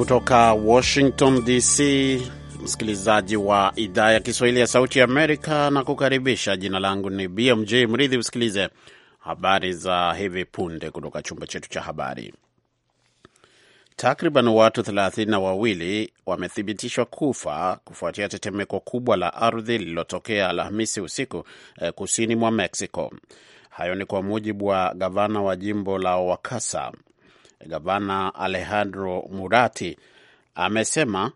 Kutoka Washington DC, msikilizaji wa idhaa ya Kiswahili ya Sauti ya Amerika na kukaribisha. Jina langu ni BMJ Mridhi. Usikilize habari za hivi punde kutoka chumba chetu cha habari. Takriban watu thelathini na wawili wamethibitishwa kufa kufuatia tetemeko kubwa la ardhi lililotokea Alhamisi usiku eh, kusini mwa Mexico. Hayo ni kwa mujibu wa gavana wa jimbo la Wakasa. Gavana Alejandro Murati amesema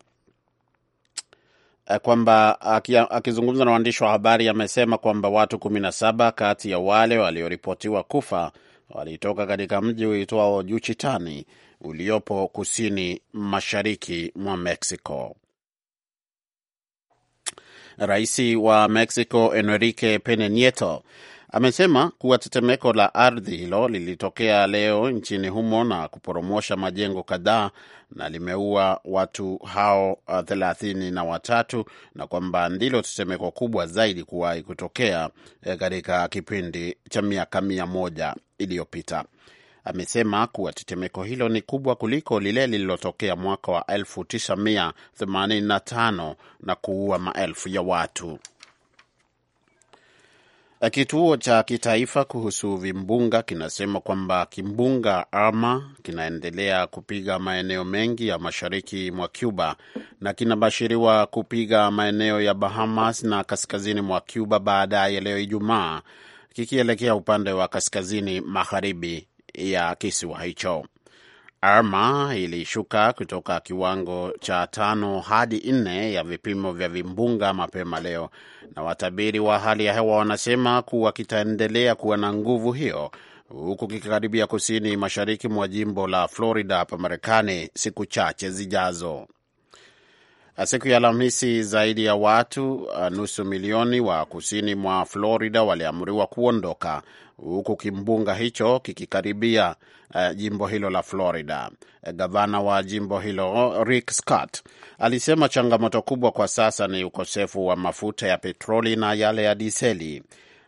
eh, kwamba akizungumza na waandishi wa habari amesema kwamba watu saba kati ya wale walioripotiwa kufa walitoka katika mji uitwao Juchitani uliopo kusini mashariki mwa Mexico. Rais wa Mexico Enrique Pena Nieto Amesema kuwa tetemeko la ardhi hilo lilitokea leo nchini humo na kuporomosha majengo kadhaa na limeua watu hao uh, thelathini na watatu na kwamba ndilo tetemeko kubwa zaidi kuwahi kutokea eh, katika kipindi cha miaka mia moja iliyopita. Amesema kuwa tetemeko hilo ni kubwa kuliko lile lililotokea mwaka wa 1985 na kuua maelfu ya watu. Eh, kituo cha kitaifa kuhusu vimbunga kinasema kwamba kimbunga ama kinaendelea kupiga maeneo mengi ya mashariki mwa Cuba na kinabashiriwa kupiga maeneo ya Bahamas na kaskazini mwa Cuba baadaye leo Ijumaa, kikielekea upande wa kaskazini magharibi ya kisiwa hicho. Irma ilishuka kutoka kiwango cha tano hadi nne ya vipimo vya vimbunga mapema leo, na watabiri wa hali ya hewa wanasema kuwa kitaendelea kuwa na nguvu hiyo huku kikikaribia kusini mashariki mwa jimbo la Florida hapa Marekani siku chache zijazo. Siku ya Alhamisi, zaidi ya watu uh, nusu milioni wa kusini mwa Florida waliamriwa kuondoka huku kimbunga hicho kikikaribia uh, jimbo hilo la Florida. Gavana wa jimbo hilo Rick Scott alisema changamoto kubwa kwa sasa ni ukosefu wa mafuta ya petroli na yale ya diseli.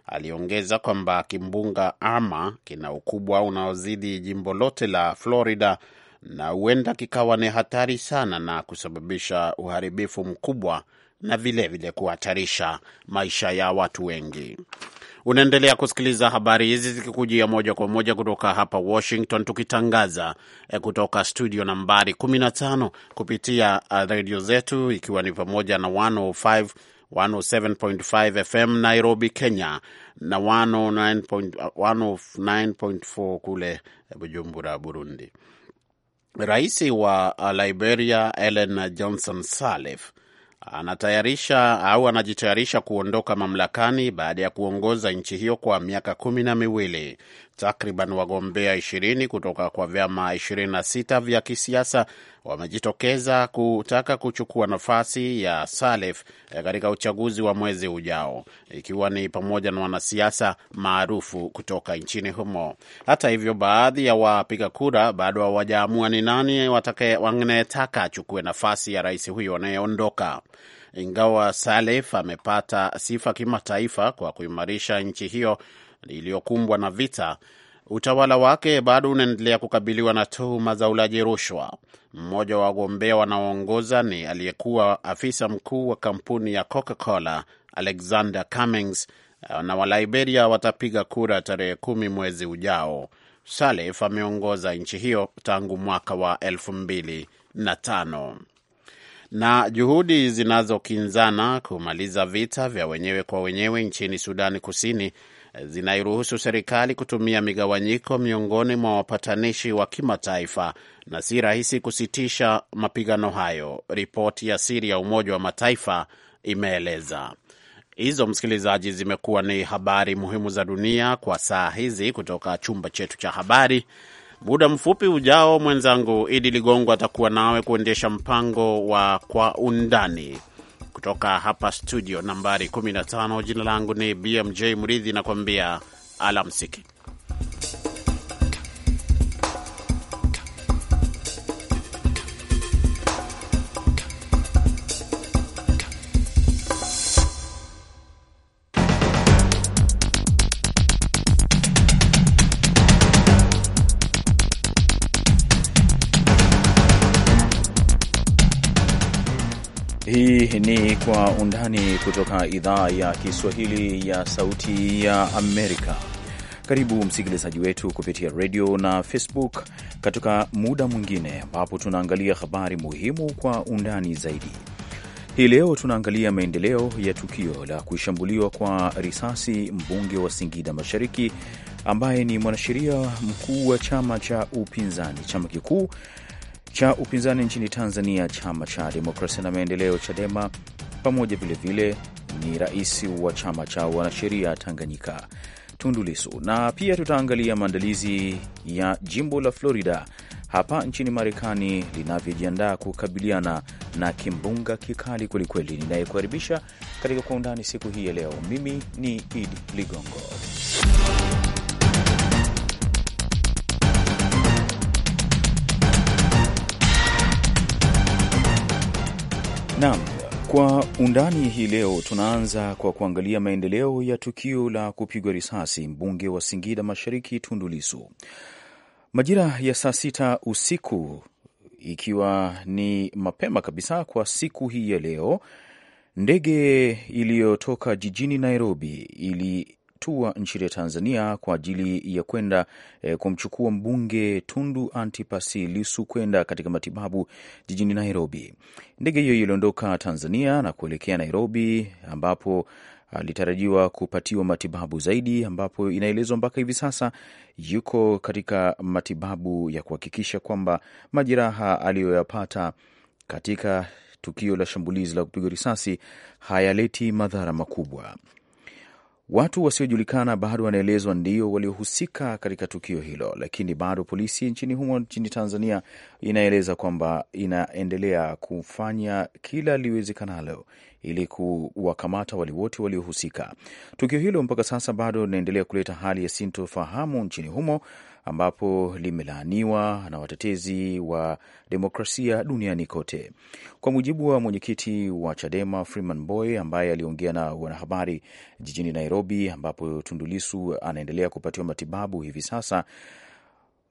Aliongeza kwamba kimbunga ama kina ukubwa unaozidi jimbo lote la Florida na huenda kikawa ni hatari sana na kusababisha uharibifu mkubwa na vilevile kuhatarisha maisha ya watu wengi. Unaendelea kusikiliza habari hizi zikikujia moja kwa moja kutoka hapa Washington, tukitangaza eh, kutoka studio nambari 15 kupitia uh, redio zetu, ikiwa ni pamoja na 105 107.5 FM Nairobi, Kenya na 109.4 uh, kule Bujumbura, Burundi. Rais wa uh, Liberia Ellen Johnson Sirleaf anatayarisha au anajitayarisha kuondoka mamlakani baada ya kuongoza nchi hiyo kwa miaka kumi na miwili. Takriban wagombea ishirini kutoka kwa vyama ishirini na sita vya kisiasa wamejitokeza kutaka kuchukua nafasi ya Salif eh, katika uchaguzi wa mwezi ujao, ikiwa ni pamoja na wanasiasa maarufu kutoka nchini humo. Hata hivyo, baadhi ya wapiga kura bado hawajaamua ni nani wanayetaka achukue nafasi ya rais huyo anayeondoka. Ingawa Salif amepata sifa kimataifa kwa kuimarisha nchi hiyo iliyokumbwa na vita, utawala wake bado unaendelea kukabiliwa na tuhuma za ulaji rushwa. Mmoja wa wagombea wanaoongoza ni aliyekuwa afisa mkuu wa kampuni ya Coca-Cola Alexander Cummings, na Waliberia watapiga kura tarehe kumi mwezi ujao. Salif ameongoza nchi hiyo tangu mwaka wa elfu mbili na tano. Na juhudi zinazokinzana kumaliza vita vya wenyewe kwa wenyewe nchini Sudani Kusini eh, zinairuhusu serikali kutumia migawanyiko miongoni mwa wapatanishi wa kimataifa na si rahisi kusitisha mapigano hayo, ripoti ya siri ya Umoja wa Mataifa imeeleza. Hizo msikilizaji, zimekuwa ni habari muhimu za dunia kwa saa hizi kutoka chumba chetu cha habari. Muda mfupi ujao, mwenzangu Idi Ligongo atakuwa nawe kuendesha mpango wa Kwa Undani kutoka hapa studio nambari 15. Jina langu ni BMJ Mridhi, nakwambia alamsiki. Marekani kutoka idhaa ya Kiswahili ya Sauti ya Amerika. Karibu msikilizaji wetu kupitia redio na Facebook katika muda mwingine ambapo tunaangalia habari muhimu kwa undani zaidi. Hii leo tunaangalia maendeleo ya tukio la kushambuliwa kwa risasi mbunge wa Singida Mashariki ambaye ni mwanasheria mkuu wa chama cha upinzani, chama kikuu cha upinzani nchini Tanzania, chama cha demokrasia na maendeleo, CHADEMA, pamoja vilevile ni rais wa chama cha wanasheria Tanganyika Tundu Lissu, na pia tutaangalia maandalizi ya jimbo la Florida hapa nchini Marekani linavyojiandaa kukabiliana na kimbunga kikali kwelikweli. Ninayekukaribisha katika Kwa Undani siku hii ya leo, mimi ni Idi Ligongo. Naam. Kwa undani hii leo tunaanza kwa kuangalia maendeleo ya tukio la kupigwa risasi mbunge wa Singida Mashariki Tundu Lissu majira ya saa sita usiku, ikiwa ni mapema kabisa kwa siku hii ya leo. Ndege iliyotoka jijini Nairobi ili anatua nchini Tanzania kwa ajili ya kwenda e, kumchukua mbunge Tundu Antipasi Lisu kwenda katika matibabu jijini Nairobi. Ndege hiyo iliondoka Tanzania na kuelekea Nairobi ambapo alitarajiwa ah, kupatiwa matibabu zaidi, ambapo inaelezwa mpaka hivi sasa yuko katika matibabu ya kuhakikisha kwamba majeraha aliyoyapata katika tukio la shambulizi la kupigwa risasi hayaleti madhara makubwa. Watu wasiojulikana bado wanaelezwa ndio waliohusika katika tukio hilo, lakini bado polisi nchini humo nchini Tanzania inaeleza kwamba inaendelea kufanya kila liwezekanalo ili kuwakamata wale wote waliohusika. Tukio hilo mpaka sasa bado linaendelea kuleta hali ya sintofahamu nchini humo ambapo limelaaniwa na watetezi wa demokrasia duniani kote. Kwa mujibu wa mwenyekiti wa Chadema Freeman Boy ambaye aliongea na wanahabari jijini Nairobi, ambapo tundulisu anaendelea kupatiwa matibabu hivi sasa,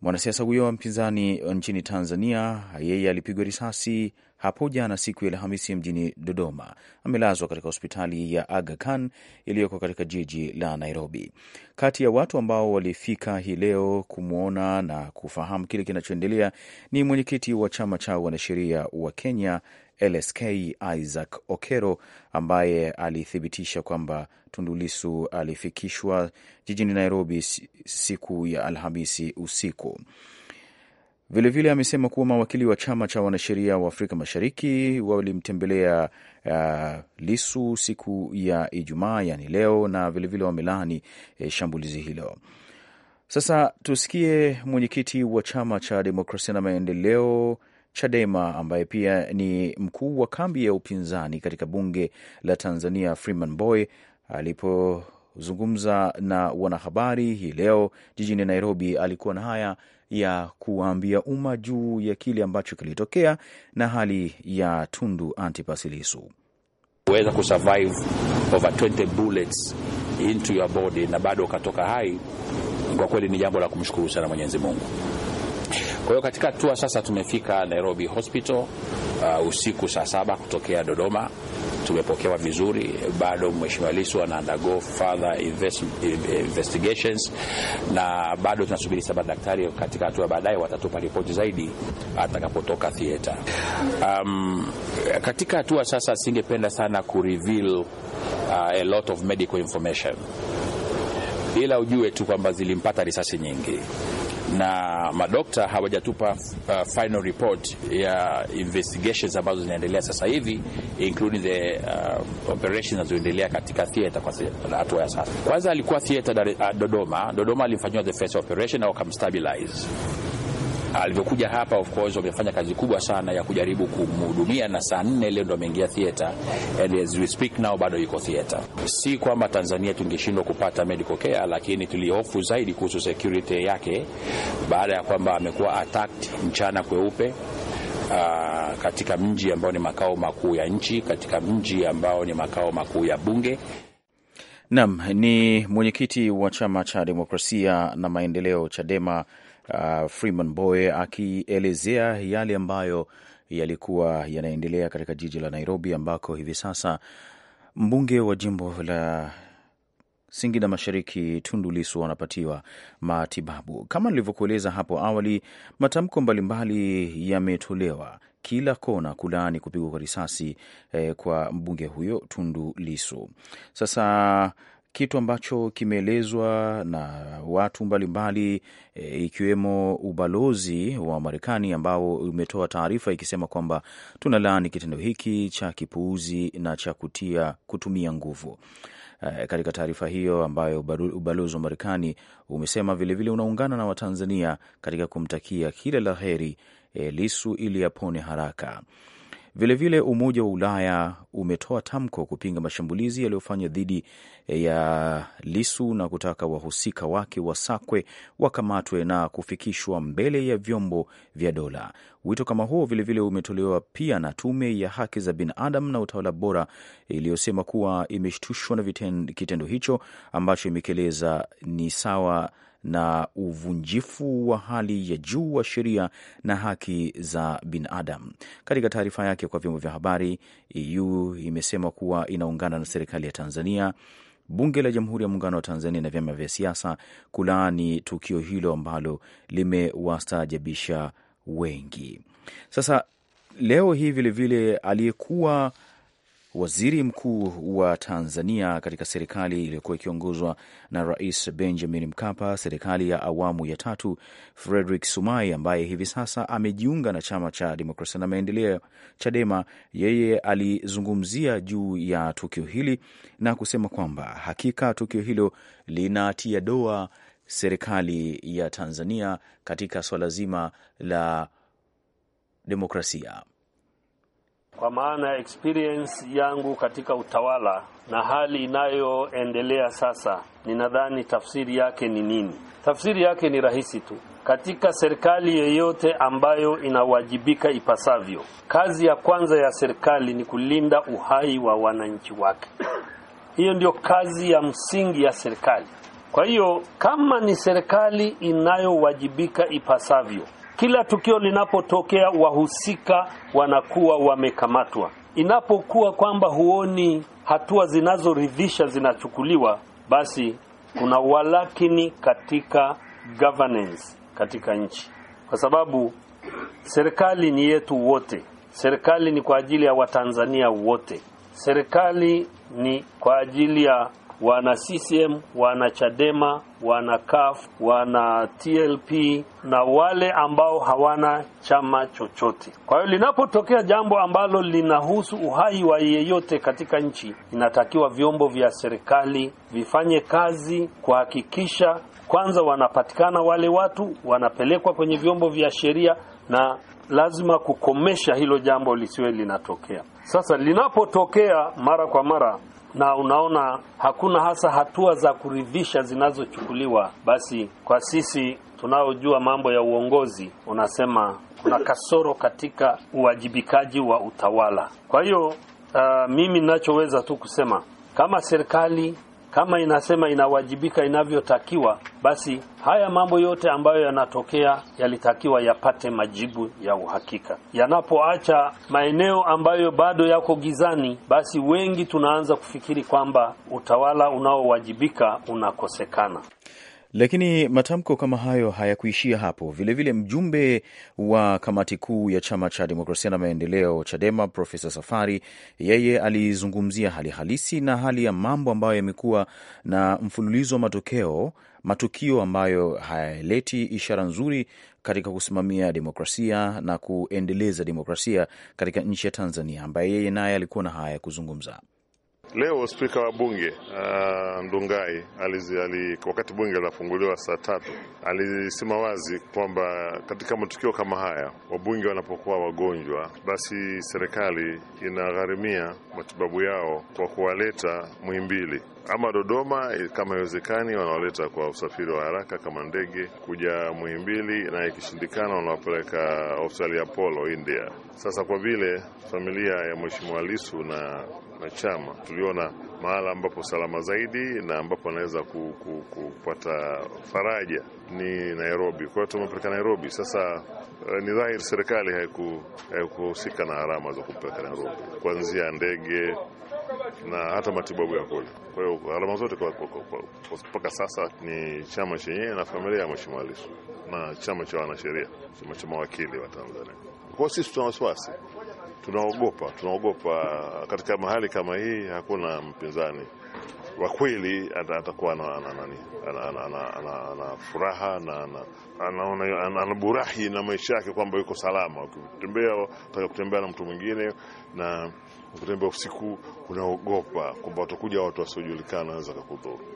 Mwanasiasa huyo wa mpinzani nchini Tanzania yeye alipigwa risasi hapo jana siku ya Alhamisi mjini Dodoma. Amelazwa katika hospitali ya Aga Khan iliyoko katika jiji la Nairobi. Kati ya watu ambao walifika hii leo kumwona na kufahamu kile kinachoendelea ni mwenyekiti wa chama cha wanasheria wa Kenya LSK Isaac Okero ambaye alithibitisha kwamba Tundu alifikishwa jijini Nairobi siku ya Alhamisi usiku. Vilevile vile amesema kuwa mawakili wa chama cha wanasheria wa Afrika Mashariki walimtembelea uh, Lisu siku ya Ijumaa, yani leo, na vilevile wamelaani eh, shambulizi hilo. Sasa tusikie mwenyekiti wa chama cha demokrasia na maendeleo Chadema ambaye pia ni mkuu wa kambi ya upinzani katika bunge la Tanzania, Freeman Boy alipozungumza na wanahabari hii leo jijini Nairobi, alikuwa na haya ya kuwaambia umma juu ya kile ambacho kilitokea na hali ya Tundu Antipas Lissu weza kusurvive over 20 bullets into your body na bado ukatoka hai, kwa kweli ni jambo la kumshukuru sana Mwenyezi Mungu. Kwa hiyo katika hatua sasa tumefika Nairobi Hospital uh, usiku saa saba kutokea Dodoma. Tumepokewa vizuri, bado Mheshimiwa Lissu ana undergo further invest, investigations na bado tunasubiri saba daktari katika hatua baadaye watatupa ripoti zaidi atakapotoka theater. Um, katika hatua sasa singependa sana reveal uh, a lot of medical information, ila ujue tu kwamba zilimpata risasi nyingi na madokta hawajatupa uh, final report ya investigations ambazo zinaendelea sasa hivi including the uh, operations zinazoendelea katika theater kwa hatua ya sasa. Kwanza alikuwa theater uh, Dodoma. Dodoma alifanywa the first operation na wakamstabilize Alivyokuja hapa, of course wamefanya kazi kubwa sana ya kujaribu kumhudumia, na saa nne leo ndo ameingia theater, and as we speak now bado yuko theater. Si kwamba Tanzania tungeshindwa kupata medical care, lakini tulihofu zaidi kuhusu security yake baada ya kwamba amekuwa attacked mchana kweupe. Uh, katika mji ambao ni makao makuu ya nchi, katika mji ambao ni makao makuu ya bunge. Naam, ni mwenyekiti wa chama cha demokrasia na maendeleo Chadema uh, Freeman Mbowe akielezea yale ambayo yalikuwa yanaendelea katika jiji la Nairobi, ambako hivi sasa mbunge wa jimbo la Singida Mashariki Tundu Lissu wanapatiwa matibabu. Kama nilivyokueleza hapo awali, matamko mbalimbali yametolewa kila kona kulaani kupigwa kwa risasi eh, kwa mbunge huyo Tundu Lissu. Sasa kitu ambacho kimeelezwa na watu mbalimbali e, ikiwemo ubalozi wa Marekani ambao umetoa taarifa ikisema kwamba tuna laani kitendo hiki cha kipuuzi na cha kutia kutumia nguvu. E, katika taarifa hiyo ambayo ubalozi wa Marekani umesema vilevile vile unaungana na Watanzania katika kumtakia kila la heri e, Lisu ili apone haraka. Vilevile Umoja wa Ulaya umetoa tamko kupinga mashambulizi yaliyofanywa dhidi eh, ya Lisu na kutaka wahusika wake wasakwe, wakamatwe na kufikishwa mbele ya vyombo vya dola. Wito kama huo vilevile umetolewa pia na Tume ya Haki za Binadamu na Utawala Bora iliyosema kuwa imeshtushwa na kitendo hicho ambacho imekieleza ni sawa na uvunjifu wa hali ya juu wa sheria na haki za binadamu. Katika taarifa yake kwa vyombo vya habari, EU imesema kuwa inaungana na serikali ya Tanzania, bunge la Jamhuri ya Muungano wa Tanzania na vyama vya siasa kulaani tukio hilo ambalo limewastaajabisha wengi. Sasa leo hii vilevile aliyekuwa Waziri mkuu wa Tanzania katika serikali iliyokuwa ikiongozwa na Rais Benjamin Mkapa, serikali ya awamu ya tatu, Frederick sumai ambaye hivi sasa amejiunga na chama cha demokrasia na maendeleo Chadema, yeye alizungumzia juu ya tukio hili na kusema kwamba hakika tukio hilo linatia doa serikali ya Tanzania katika swala zima la demokrasia kwa maana ya experience yangu katika utawala na hali inayoendelea sasa, ninadhani tafsiri yake ni nini? Tafsiri yake ni rahisi tu. Katika serikali yeyote ambayo inawajibika ipasavyo, kazi ya kwanza ya serikali ni kulinda uhai wa wananchi wake. Hiyo ndio kazi ya msingi ya serikali. Kwa hiyo kama ni serikali inayowajibika ipasavyo kila tukio linapotokea, wahusika wanakuwa wamekamatwa. Inapokuwa kwamba huoni hatua zinazoridhisha zinachukuliwa, basi kuna walakini katika governance katika nchi, kwa sababu serikali ni yetu wote. Serikali ni kwa ajili ya Watanzania wote. Serikali ni kwa ajili ya wana CCM, wana Chadema, wana CUF, wana TLP na wale ambao hawana chama chochote. Kwa hiyo linapotokea jambo ambalo linahusu uhai wa yeyote katika nchi, inatakiwa vyombo vya serikali vifanye kazi kuhakikisha kwanza wanapatikana wale watu, wanapelekwa kwenye vyombo vya sheria na lazima kukomesha hilo jambo lisiwe linatokea. Sasa linapotokea mara kwa mara na unaona hakuna hasa hatua za kuridhisha zinazochukuliwa, basi kwa sisi tunaojua mambo ya uongozi, unasema kuna kasoro katika uwajibikaji wa utawala. Kwa hiyo uh, mimi ninachoweza tu kusema kama serikali kama inasema inawajibika inavyotakiwa, basi haya mambo yote ambayo yanatokea yalitakiwa yapate majibu ya uhakika. Yanapoacha maeneo ambayo bado yako gizani, basi wengi tunaanza kufikiri kwamba utawala unaowajibika unakosekana. Lakini matamko kama hayo hayakuishia hapo. Vilevile vile mjumbe wa kamati kuu ya chama cha demokrasia na maendeleo CHADEMA Profesa Safari yeye alizungumzia hali halisi na hali ya mambo ambayo yamekuwa na mfululizo wa matokeo matukio ambayo hayaleti ishara nzuri katika kusimamia demokrasia na kuendeleza demokrasia katika nchi ya Tanzania, ambaye yeye naye alikuwa na haya ya kuzungumza. Leo spika wa bunge uh, Ndungai alizi, ali, wakati bunge linafunguliwa saa tatu alisema wazi kwamba katika matukio kama haya wabunge wanapokuwa wagonjwa, basi serikali inagharimia matibabu yao kwa kuwaleta Muhimbili ama Dodoma kama iwezekani, wanawaleta kwa usafiri wa haraka kama ndege kuja Muhimbili, na ikishindikana wanawapeleka hospitali ya Apollo India. Sasa kwa vile familia ya Mheshimiwa Lisu na na chama. Tuliona mahala ambapo salama zaidi na ambapo anaweza kupata faraja ni Nairobi. Kwa hiyo tumepeleka Nairobi. Sasa eh, ni dhahiri serikali haikuhusika na gharama za kupeleka Nairobi, kuanzia ndege na hata matibabu ya kule. Kwa hiyo gharama zote mpaka sasa ni chama chenyewe na familia ya Mheshimiwa Lissu na chama cha wanasheria, chama cha mawakili wa Tanzania. Kwa hiyo sisi tuna wasiwasi tunaogopa, tunaogopa katika mahali kama hii. Hakuna mpinzani wa kweli atakuwa ana furaha na anaburahi na maisha yake kwamba yuko salama. Ukitembea utaka kutembea na mtu mwingine, na ukitembea usiku unaogopa kwamba watakuja watu wasiojulikana, wanaweza kukudhuru.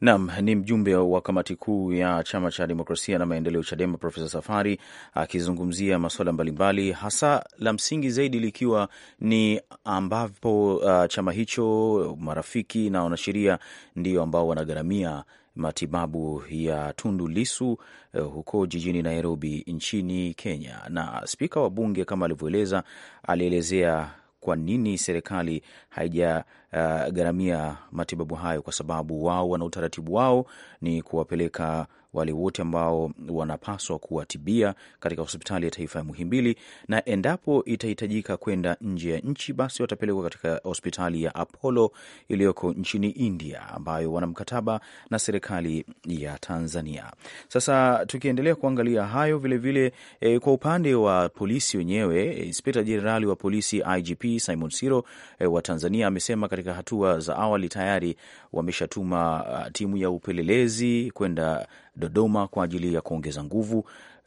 Nam ni mjumbe wa kamati kuu ya chama cha demokrasia na maendeleo CHADEMA Profesa Safari akizungumzia masuala mbalimbali, hasa la msingi zaidi likiwa ni ambapo uh, chama hicho marafiki na wanasheria ndio ambao wanagharamia matibabu ya Tundu Lisu uh, huko jijini Nairobi nchini Kenya. Na spika wa bunge kama alivyoeleza, alielezea kwa nini serikali haijagharamia uh, matibabu hayo, kwa sababu wao wana utaratibu wao ni kuwapeleka wale wote ambao wanapaswa kuwatibia katika hospitali ya taifa ya Muhimbili, na endapo itahitajika kwenda nje ya nchi, basi watapelekwa katika hospitali ya Apollo iliyoko nchini India, ambayo wana mkataba na serikali ya Tanzania. Sasa tukiendelea kuangalia hayo vilevile vile, e, kwa upande wa polisi wenyewe, inspekta jenerali wa polisi IGP Simon Siro e, wa Tanzania amesema katika hatua za awali tayari wameshatuma ah, timu ya upelelezi kwenda Dodoma kwa ajili ya kuongeza nguvu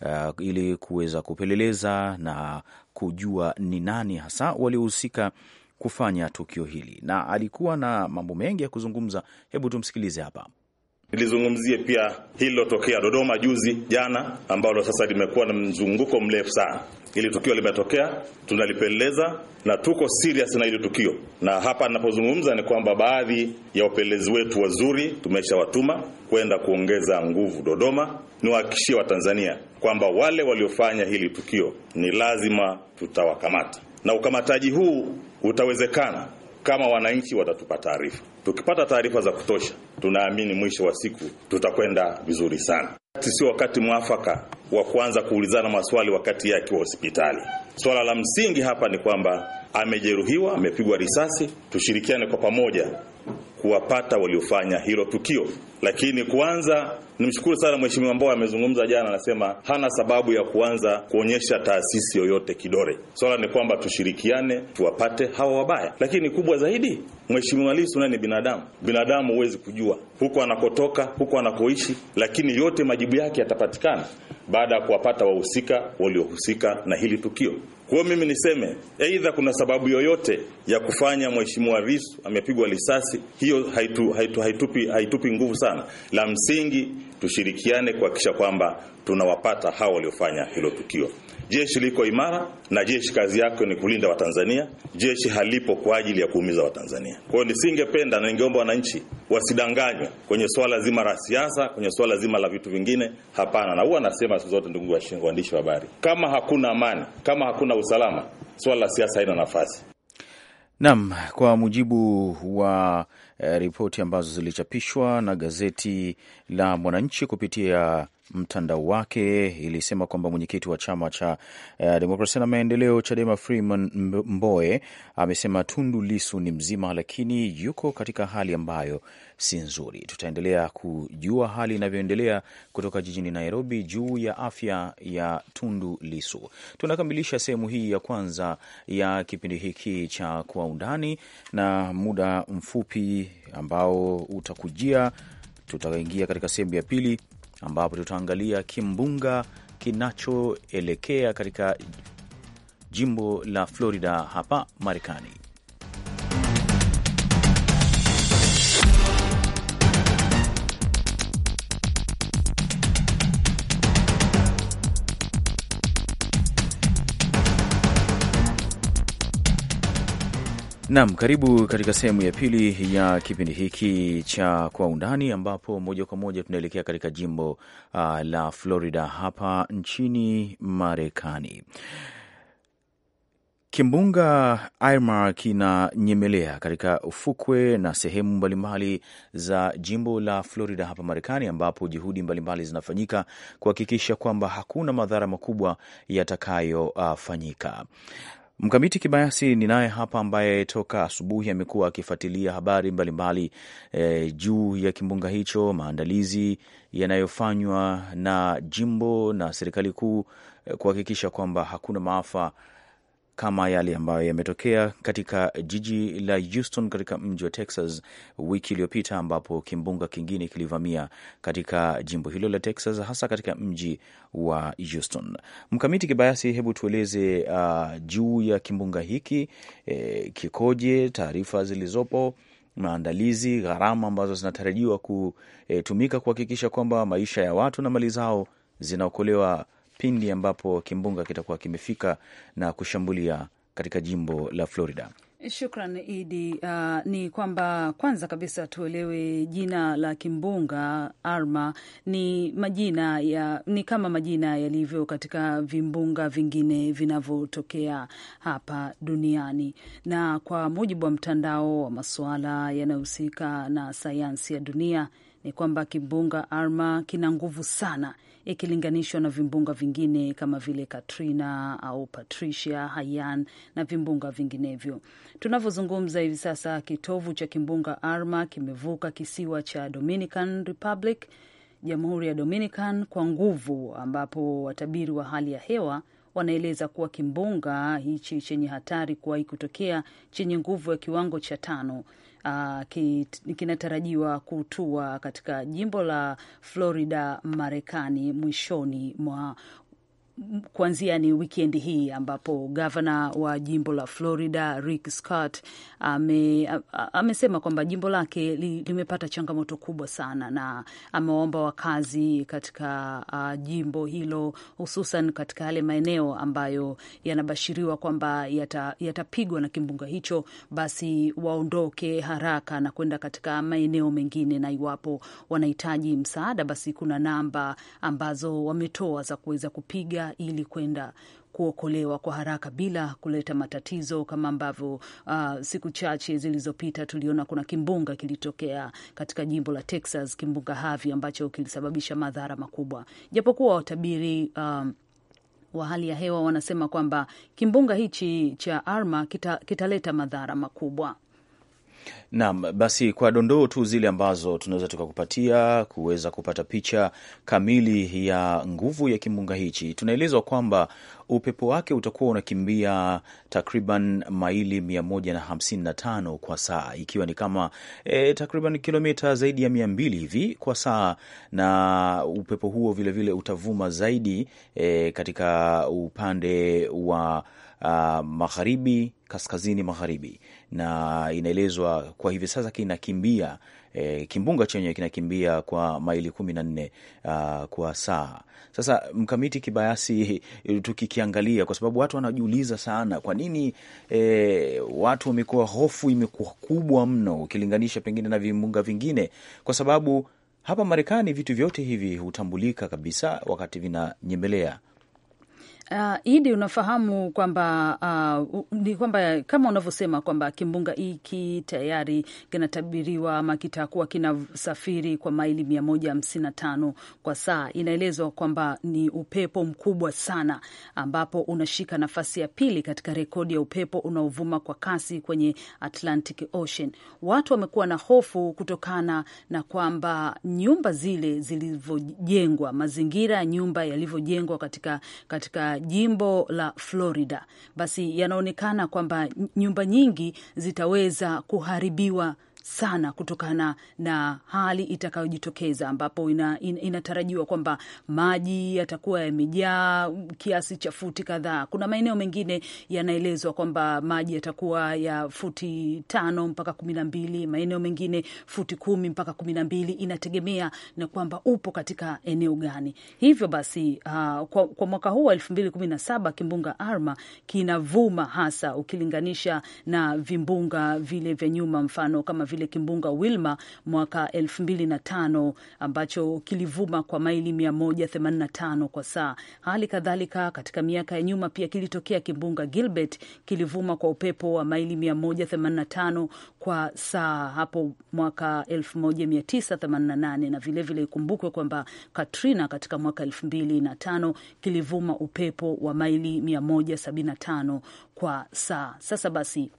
uh, ili kuweza kupeleleza na kujua ni nani hasa waliohusika kufanya tukio hili, na alikuwa na mambo mengi ya kuzungumza. Hebu tumsikilize hapa nilizungumzie pia hilo tokea Dodoma juzi jana, ambalo sasa limekuwa na mzunguko mrefu sana. Hili tukio limetokea, tunalipeleleza na tuko serious na hili tukio, na hapa ninapozungumza ni kwamba baadhi ya wapelelezi wetu wazuri tumeshawatuma kwenda kuongeza nguvu Dodoma. Niwahakikishie Watanzania kwamba wale waliofanya hili tukio ni lazima tutawakamata, na ukamataji huu utawezekana kama wananchi watatupa taarifa. Tukipata taarifa za kutosha, tunaamini mwisho wa siku tutakwenda vizuri sana. Sio wakati mwafaka wa kuanza kuulizana maswali wakati yeye akiwa hospitali. Swala la msingi hapa ni kwamba amejeruhiwa, amepigwa risasi, tushirikiane kwa pamoja kuwapata waliofanya hilo tukio. Lakini kwanza nimshukuru sana mheshimiwa Mbowe, amezungumza jana, anasema hana sababu ya kuanza kuonyesha taasisi yoyote kidore. Swala ni kwamba tushirikiane, tuwapate hawa wabaya. Lakini kubwa zaidi, mheshimiwa Lissu naye ni binadamu. Binadamu huwezi kujua huko anakotoka, huko anakoishi, lakini yote majibu yake yatapatikana baada ya kuwapata wahusika waliohusika na hili tukio. Kwa hiyo mimi niseme, aidha kuna sababu yoyote ya kufanya mheshimiwa Lissu amepigwa risasi, hiyo haitu, haitu, haitupi, haitupi nguvu sana. La msingi tushirikiane kuhakikisha kwamba tunawapata hao waliofanya hilo tukio. Jeshi liko imara na jeshi kazi yake ni kulinda Watanzania. Jeshi halipo kwa ajili ya kuumiza Watanzania. Kwa hiyo nisingependa na ningeomba wananchi wasidanganywe kwenye swala zima la siasa, kwenye swala zima la vitu vingine. Hapana, na huwa nasema siku zote, ndugu waandishi wa habari, kama hakuna amani, kama hakuna usalama, swala la siasa haina nafasi. Naam, kwa mujibu wa eh, ripoti ambazo zilichapishwa na gazeti la Mwananchi kupitia mtandao wake ilisema kwamba mwenyekiti wa chama cha uh, demokrasia na maendeleo Chadema Freeman mboe amesema Tundu Lisu ni mzima, lakini yuko katika hali ambayo si nzuri. Tutaendelea kujua hali inavyoendelea kutoka jijini Nairobi juu ya afya ya Tundu Lisu. Tunakamilisha sehemu hii ya kwanza ya kipindi hiki cha Kwa Undani, na muda mfupi ambao utakujia, tutaingia katika sehemu ya pili ambapo tutaangalia kimbunga kinachoelekea katika jimbo la Florida hapa Marekani. Naam, karibu katika sehemu ya pili ya kipindi hiki cha Kwa Undani, ambapo moja kwa moja tunaelekea katika jimbo uh, la Florida hapa nchini Marekani. Kimbunga Irma kinanyemelea katika ufukwe na sehemu mbalimbali za jimbo la Florida hapa Marekani, ambapo juhudi mbalimbali zinafanyika kuhakikisha kwamba hakuna madhara makubwa yatakayofanyika. Mkamiti Kibayasi ni naye hapa, ambaye toka asubuhi amekuwa akifuatilia habari mbalimbali mbali, eh, e, juu ya kimbunga hicho, maandalizi yanayofanywa na jimbo na serikali kuu eh, kuhakikisha kwamba hakuna maafa kama yale ambayo yametokea katika jiji la Houston katika mji wa Texas wiki iliyopita, ambapo kimbunga kingine kilivamia katika jimbo hilo la Texas, hasa katika mji wa Houston. Mkamiti Kibayasi, hebu tueleze uh, juu ya kimbunga hiki eh, kikoje, taarifa zilizopo maandalizi, gharama ambazo zinatarajiwa kutumika kuhakikisha kwamba maisha ya watu na mali zao zinaokolewa pindi ambapo kimbunga kitakuwa kimefika na kushambulia katika jimbo la Florida. Shukran Idi. Uh, ni kwamba kwanza kabisa tuelewe jina la kimbunga Arma ni majina ya, ni kama majina yalivyo katika vimbunga vingine vinavyotokea hapa duniani, na kwa mujibu wa mtandao wa masuala yanayohusika na sayansi ya dunia ni kwamba kimbunga Arma kina nguvu sana ikilinganishwa na vimbunga vingine kama vile Katrina au Patricia, Haiyan na vimbunga vinginevyo. Tunavyozungumza hivi sasa, kitovu cha kimbunga Arma kimevuka kisiwa cha Dominican Republic, Jamhuri ya Dominican kwa nguvu, ambapo watabiri wa hali ya hewa wanaeleza kuwa kimbunga hichi chenye hatari kuwahi kutokea chenye nguvu ya kiwango cha tano uh, kinatarajiwa kutua katika jimbo la Florida, Marekani mwishoni mwa kuanzia ni wikendi hii ambapo gavana wa jimbo la Florida Rick Scott ame, amesema kwamba jimbo lake li, limepata changamoto kubwa sana, na amewaomba wakazi katika uh, jimbo hilo hususan katika yale maeneo ambayo yanabashiriwa kwamba yatapigwa yata na kimbunga hicho, basi waondoke haraka na kwenda katika maeneo mengine, na iwapo wanahitaji msaada, basi kuna namba ambazo wametoa za kuweza kupiga ili kwenda kuokolewa kwa haraka bila kuleta matatizo kama ambavyo uh, siku chache zilizopita tuliona kuna kimbunga kilitokea katika jimbo la Texas, kimbunga Harvey ambacho kilisababisha madhara makubwa, japokuwa watabiri um, wa hali ya hewa wanasema kwamba kimbunga hichi cha Irma kitaleta kita madhara makubwa. Naam, basi kwa dondoo tu zile ambazo tunaweza tukakupatia kuweza kupata picha kamili ya nguvu ya kimbunga hichi, tunaelezwa kwamba upepo wake utakuwa unakimbia takriban maili 155 kwa saa, ikiwa ni kama e, takriban kilomita zaidi ya 200 hivi kwa saa, na upepo huo vilevile vile utavuma zaidi e, katika upande wa uh, magharibi, kaskazini magharibi na inaelezwa kwa hivi sasa kinakimbia E, kimbunga chenye kinakimbia kwa maili kumi na nne uh, kwa saa. Sasa mkamiti kibayasi, tukikiangalia kwa sababu watu wanajiuliza sana kwa nini e, watu wamekuwa, hofu imekuwa kubwa mno ukilinganisha pengine na vimbunga vingine, kwa sababu hapa Marekani vitu vyote hivi hutambulika kabisa wakati vinanyemelea Uh, Idi, unafahamu kwamba uh, ni kwamba kama unavyosema kwamba kimbunga hiki tayari kinatabiriwa ama kitakuwa kinasafiri kwa maili mia moja hamsini na tano kwa saa. Inaelezwa kwamba ni upepo mkubwa sana, ambapo unashika nafasi ya pili katika rekodi ya upepo unaovuma kwa kasi kwenye Atlantic Ocean. Watu wamekuwa na hofu kutokana na kwamba nyumba zile zilivyojengwa, mazingira ya nyumba yalivyojengwa katika, katika jimbo la Florida, basi yanaonekana kwamba nyumba nyingi zitaweza kuharibiwa sana kutokana na hali itakayojitokeza ambapo ina, in, inatarajiwa kwamba maji yatakuwa yamejaa kiasi cha futi kadhaa. Kuna maeneo mengine yanaelezwa kwamba maji yatakuwa ya futi tano mpaka kumi na mbili, maeneo mengine futi kumi mpaka kumi na mbili, inategemea na kwamba upo katika eneo gani. Hivyo basi uh, kwa, kwa mwaka huu wa elfu mbili kumi na saba kimbunga Arma kinavuma hasa ukilinganisha na vimbunga vile vya nyuma, mfano kama vile kile kimbunga Wilma mwaka 25 ambacho kilivuma kwa maili 185 kwa saa. Hali kadhalika katika miaka ya nyuma pia kilitokea kimbunga Gilbert, kilivuma kwa upepo wa maili 185 kwa saa hapo mwaka 1988 na vilevile ikumbukwe kwamba Katrina katika mwaka 2005 kilivuma upepo wa maili 175 kwa saa. Sasa basi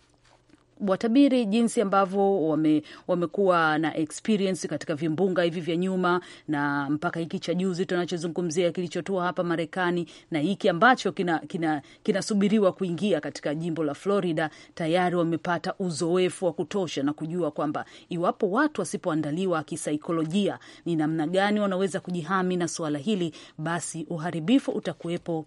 watabiri jinsi ambavyo wame, wamekuwa na experience katika vimbunga hivi vya nyuma na mpaka hiki cha juzi tunachozungumzia kilichotua hapa Marekani na hiki ambacho kinasubiriwa kina, kina kuingia katika jimbo la Florida, tayari wamepata uzoefu wa kutosha na kujua kwamba iwapo watu wasipoandaliwa kisaikolojia, ni namna gani wanaweza kujihami na suala hili, basi uharibifu utakuwepo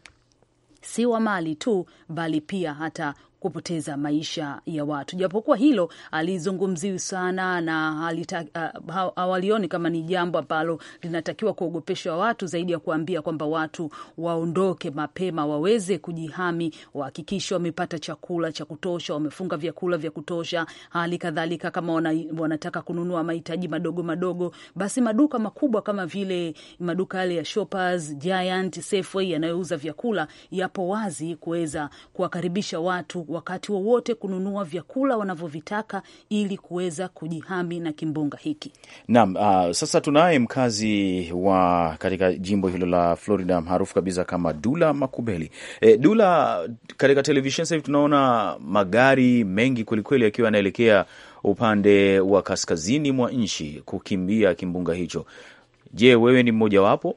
si wa mali tu bali pia hata kupoteza maisha ya watu, japokuwa hilo alizungumziwi sana na uh, hawalioni uh, kama ni jambo ambalo linatakiwa kuogopeshwa watu, zaidi ya kuambia kwamba watu waondoke mapema waweze kujihami, wahakikishe wamepata chakula cha kutosha, wamefunga vyakula vya kutosha. Hali kadhalika kama wana, wanataka kununua mahitaji madogo madogo, basi maduka makubwa kama vile maduka yale ya Shoppers, Giant, Safeway yanayouza vyakula yapo wazi kuweza kuwakaribisha watu wakati wowote kununua vyakula wanavyovitaka ili kuweza kujihami na kimbunga hiki. Naam, uh, sasa tunaye mkazi wa katika jimbo hilo la Florida maarufu kabisa kama Dula Makubeli. E, Dula, katika televisheni sahivi tunaona magari mengi kwelikweli yakiwa yanaelekea upande wa kaskazini mwa nchi kukimbia kimbunga hicho. Je, wewe ni mmojawapo?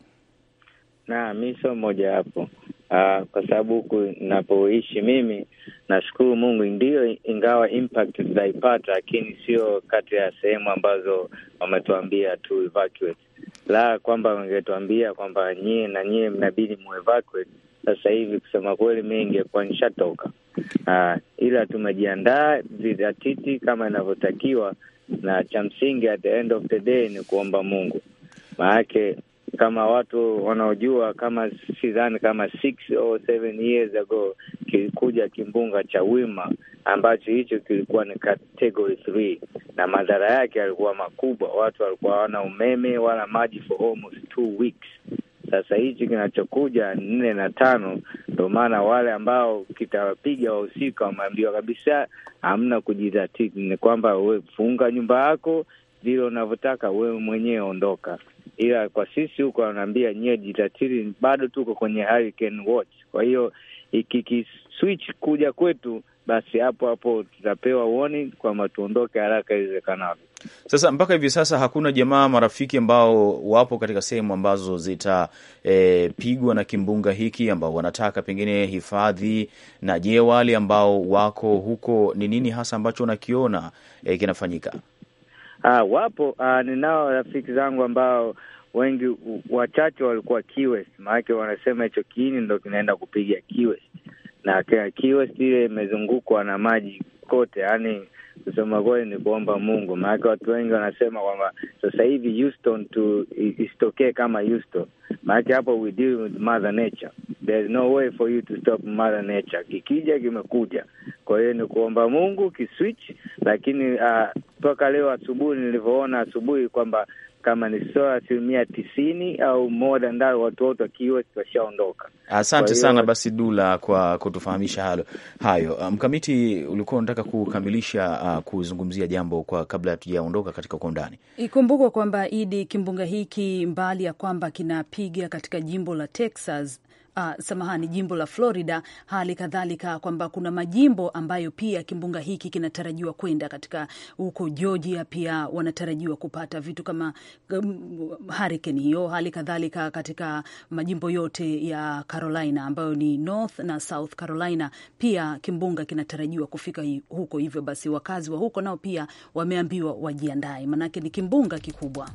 Na mi sio mmojawapo uh, kwa sababu huku napoishi mimi nashukuru Mungu, ndio ingawa impact zitaipata, lakini sio kati ya sehemu ambazo wametuambia tu evacuate. La kwamba wangetuambia kwamba nyie na nyie mnabidi mu evacuate sasa hivi, kusema kweli, mi ingekuwa nishatoka, uh, ila tumejiandaa vidatiti kama inavyotakiwa, na cha msingi at the end of the day ni kuomba Mungu maanake kama watu wanaojua, kama sidhani kama six or seven years ago kilikuja kimbunga cha Wima ambacho hicho kilikuwa ni category three, na madhara yake yalikuwa makubwa. Watu walikuwa hawana umeme wala maji for almost two weeks. Sasa hichi kinachokuja nne na tano, ndo maana wale ambao kitawapiga wahusika wameambiwa kabisa hamna kujizatiti, ni kwamba wefunga nyumba yako vile unavyotaka wewe mwenyewe, ondoka ila kwa sisi huko wanaambia nyie jitatiri, bado tuko kwenye hurricane watch. Kwa hiyo ikikiswitch kuja kwetu, basi hapo hapo tutapewa warning kwamba tuondoke haraka iwezekanavyo. Sasa mpaka hivi sasa hakuna jamaa marafiki ambao wapo katika sehemu ambazo zitapigwa eh, e, na kimbunga hiki ambao wanataka pengine hifadhi. Na je, wale ambao wako huko, ni nini hasa ambacho unakiona e, eh, kinafanyika? Ah, wapo ah, ninao rafiki zangu ambao wengi wachache walikuwa Key West, maanake wanasema hicho kiini ndo kinaenda kupiga Key West, na Key West ile imezungukwa na maji kote, yaani kusema kweli ni kuomba Mungu, maanake watu wengi wanasema kwamba sasa hivi Houston tu isitokee kama Houston, maanake hapo we deal with mother nature, there is no way for you to stop mother nature. Kikija kimekuja, kwa hiyo ni kuomba Mungu kiswitch, lakini uh, mpaka leo asubuhi nilivyoona asubuhi kwamba kama ni sawa asilimia tisini au moja ndayo watu wote wakiwa washaondoka. Asante sana basi Dula kwa kutufahamisha halo hayo. Ah, mkamiti, um, ulikuwa unataka kukamilisha uh, kuzungumzia jambo kwa kabla hatujaondoka katika kwa undani. ikumbukwa kwamba idi kimbunga hiki mbali ya kwamba kinapiga katika jimbo la Texas uh, samahani, jimbo la Florida, hali kadhalika kwamba kuna majimbo ambayo pia kimbunga hiki kinatarajiwa kwenda katika huko Georgia, pia wanatarajiwa kupata vitu kama um, hurricane hiyo, hali kadhalika katika majimbo yote ya Carolina ambayo ni North na South Carolina, pia kimbunga kinatarajiwa kufika huko. Hivyo basi wakazi wa huko nao pia wameambiwa wajiandae, manake ni kimbunga kikubwa.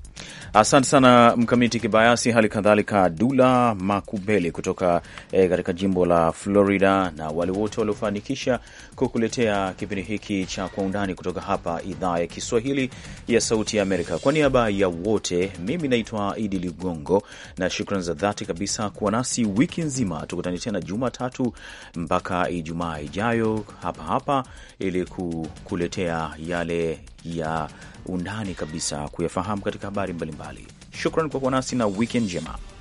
Asante sana Mkamiti Kibayasi, hali kadhalika Dula Makubele kutoka e, katika jimbo la Florida na wale wote waliofanikisha kukuletea kipindi hiki cha Kwa Undani kutoka hapa idhaa ya Kiswahili ya Sauti ya Amerika. Kwa niaba ya wote, mimi naitwa Idi Ligongo na shukran za dhati kabisa kuwa nasi wiki nzima. Tukutane tena Jumatatu mpaka Ijumaa ijayo hapa hapa ili kukuletea yale ya undani kabisa kuyafahamu katika habari mbalimbali. Shukran kwa kuwa nasi na wiki njema.